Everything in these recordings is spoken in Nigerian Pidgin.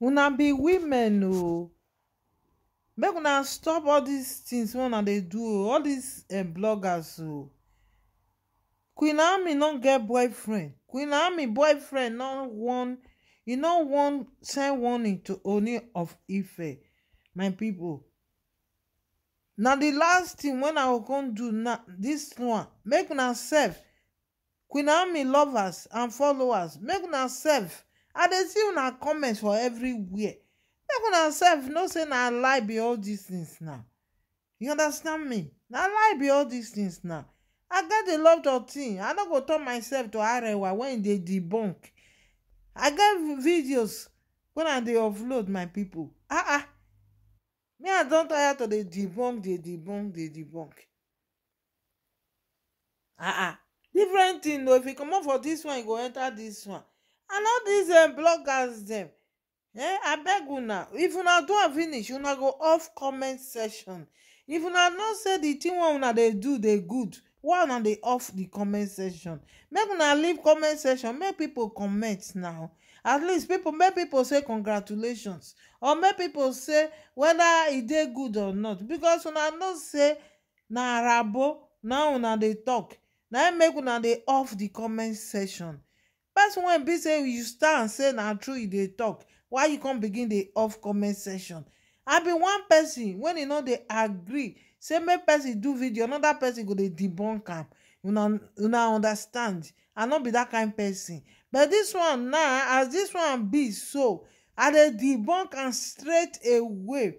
una be women o make una stop all these things. wey una dey do o all dis eh, bloggers o queen naomi no get boyfriend queen naomi boyfriend no wan e no wan send warning to oni of ife my people. na the last thing wey i go do na this one make una sef queen naomi lovers and followers make una sef i dey see una comment for everywhere make una sef know say na lie be all dis things now you understand me na lie be all dis things now i get a lot of thing i no go turn myself to arewa when e dey debunk i get videos when i dey offload my people. ah ah me i don tire to dey debunk dey debunk dey debunk ah ah different thing o if you comot for this one you go enter this one and all dis um, bloggers dem eh abeg una if una do am finish una go off comment section if una know say di tin wey una dey do dey good why una dey off the comment section make una leave comment section make people comment now at least people make people say congratulations or make people say whether e dey good or not becos una know say na arabo now una dey tok na im make una dey off the comment section person wey be say you stand say na true you dey talk why you come begin dey off comment section i be one person wen you e no dey agree say make person do video another person go dey debunk am una understand i no be that kind person but this one now as this one be so i dey debunk am straight away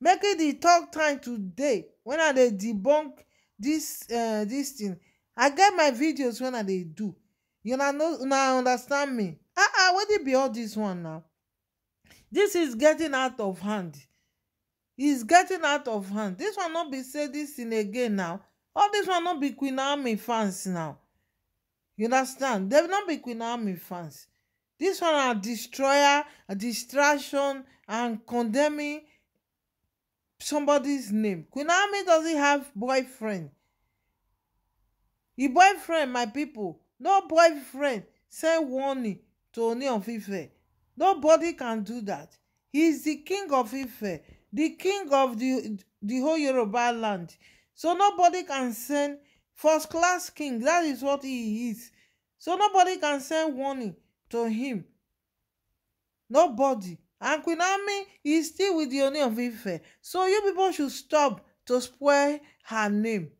make e dey talk time today When i dey debunk this uh this thing i get my videos wen i dey do una know una understand me ah ah wetin be all this one now this is getting out of hand is getting out of hand this one no be say this thing again now all this one no be queen Army fans now you understand dem no be queen Army fans this one na destroyer distraction and condemning somebody's name queen Army doesn't have boyfriend e boyfriend my people no boyfriend send warning to Ooni of Ife nobody can do that he is the king of Ife the king of the the whole Yoruba land so nobody can send first class king that is what he is so nobody can send warning to him nobody and Queen is still with the Ooni of Ife so you people should stop to spoil her name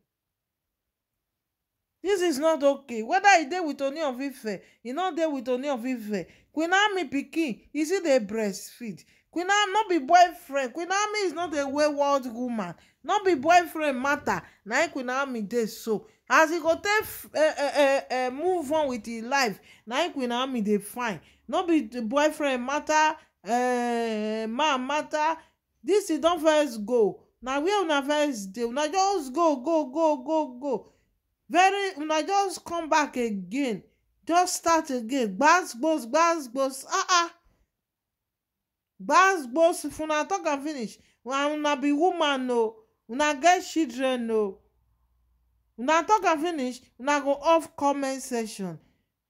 This is not okay Whether e dey with oni of ife e no dey with oni of ife queen army pikin e still dey breastfeed queen army no be boyfriend queen is not a wayward woman no be boyfriend matter na im queen dey so as he go take eh, eh, eh, move on with im life na im queen dey fine no be boyfriend matter man matter This e don first go na where una first dey una just go go go go go very una just come back again just start again gbazgbos gbazgbos ah ah gbazgbos if una talk am finish una be woman o oh. una get children o oh. una talk am finish una go off comment section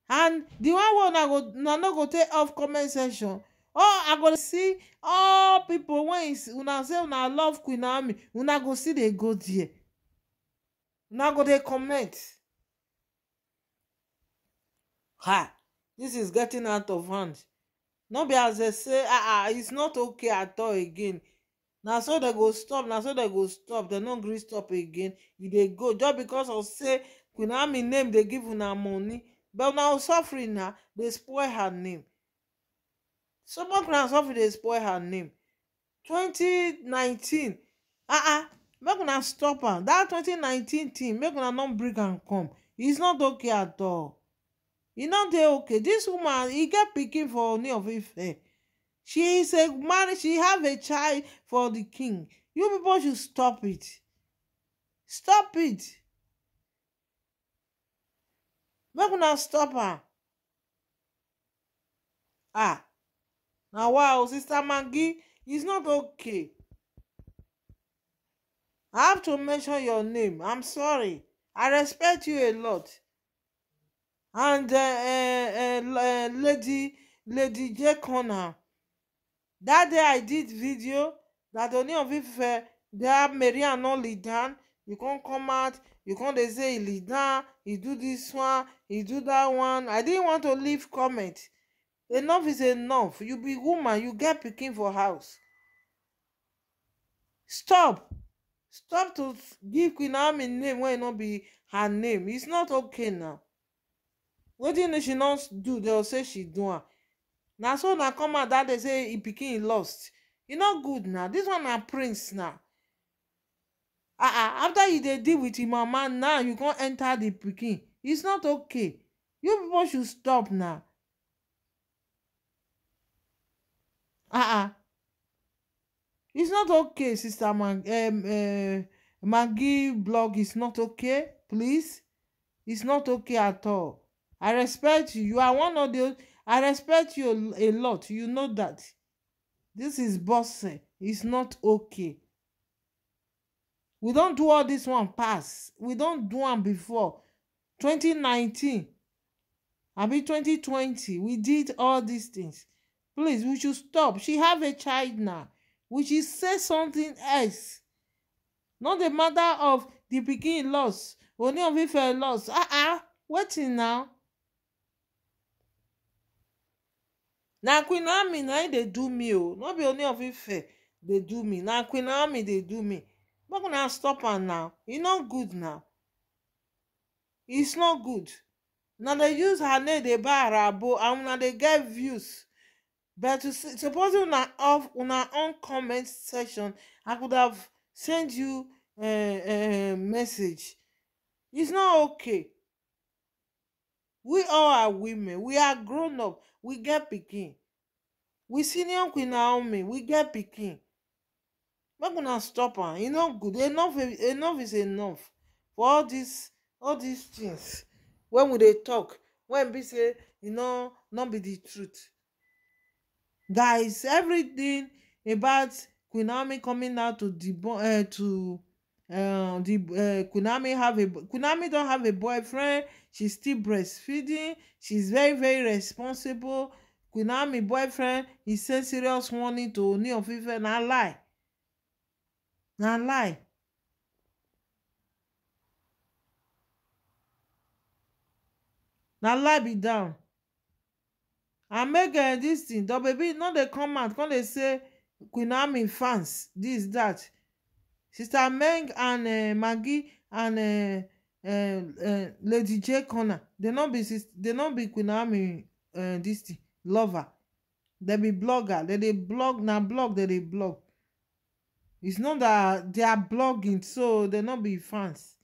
and di one wey una go una no go take off comment section oh i go see all pipo wey una say una love queen army una go still dey go there now go dey comment ha this is getting out of hand no be as dem say ah ah its not okay at all again na so they go stop na so they go stop They no gree stop again e dey go just because of say queen name dey give una money but na suffering na dey spoil her name so much na suffering dey spoil her name Twenty nineteen. ah ah make una stop am dat 2019 thing make una no bring am come It's not okay at all e no dey okay This woman e get pikin for oni of ife she is a married she have a child for the king you people should stop it stop it make una stop am ah na wow sister maggie It's not okay I have to mention your name. I'm sorry. I respect you a lot. And uh, uh, uh, uh Lady Lady J Connor. That day I did video that Ooni of Ife there Mariam no lead down. You can't come out. You can't say Lidan. You do this one. You do that one. I didn't want to leave comment. Enough is enough. You be woman. You get picking for house. Stop stop to give queen naomi name wey e no be her name its not okay now wetin she no do they go say she do am na so na come out that day say e pikin lost e no good na This one na prince na ah ah. after you dey deal with him mama now you con enter the pikin its not okay you people should stop na ah ah it's not okay sister Mag um, uh, Maggie blog is not okay please it's not okay at all I respect you you are one of the I respect you a lot you know that this is bossing it's not okay we don't do all this one pass we don't do one before 2019 abi 2020 we did all these things please we should stop she have a child now Which is say something else not the matter of the pikin loss Ooni of Ife loss ah ah wetin now na Queen Naomi na im e dey do me o no be Ooni of Ife dey do me na Queen Naomi dey do me make una stop am now e no good now e no good una dey use her name dey buy arabo and una dey get views but to see, suppose una off una own comment section i could have sent you a uh, eh, eh, message it's not okay we all are women we are grown up we get pikin we senior queen naomi we get pikin make una stop am e no good enough e, enough is enough for all these all these things when we dey talk when be say e no no be the truth Guys, everything about Kunami coming out to debunk uh, to uh, the uh, Queen have a Queen Naomi don't have a boyfriend. She's still breastfeeding. She's very very responsible. Kunami boyfriend he send serious warning to Ooni of Ife na lie na lie. na lie be down and make uh, dis thing wb no dey come out come dey say queen army fans This that sister meng and uh, maggie and uh, uh, uh, lady j connor dem no be they no be queen army uh, this thing lover dem be blogger dem dey blog na blog dem dey blog it's not that they are blogging so they no be fans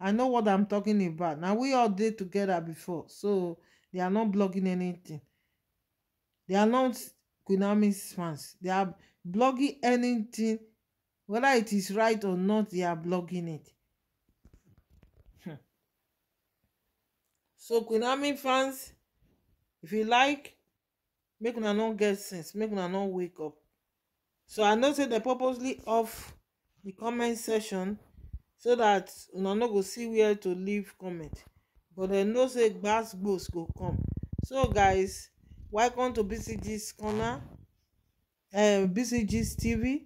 i know what i'm talking about na we all dey together before so they are not blogging anything they are not Queen fans they are blogging anything whether it is right or not they are blogging it hmm. so Queen fans if you like make una no get sense make una no wake up so i know say dem purposely off the comment section so that una no go see where to leave comment but I know say gbas gbos go come so guys welcome to bcg's corner uh, eh, bcg's tv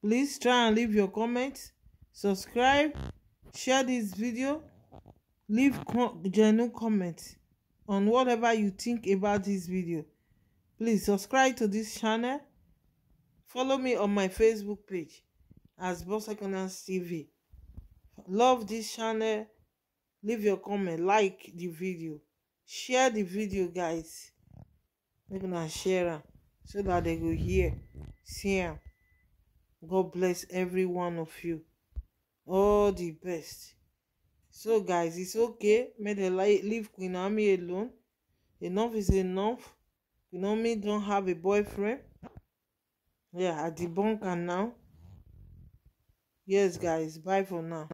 please try and leave your comment subscribe share this video leave com genuine comment on whatever you think about this video please subscribe to this channel follow me on my facebook page as boss secondance tv love this channel leave your comment like the video share the video guys make una share am so that they go hear see am god bless every one of you all the best so guys its okay make like leave queen naomi alone enough is enough queen naomi don have a boyfriend yeah i debunk am now yes guys bye for now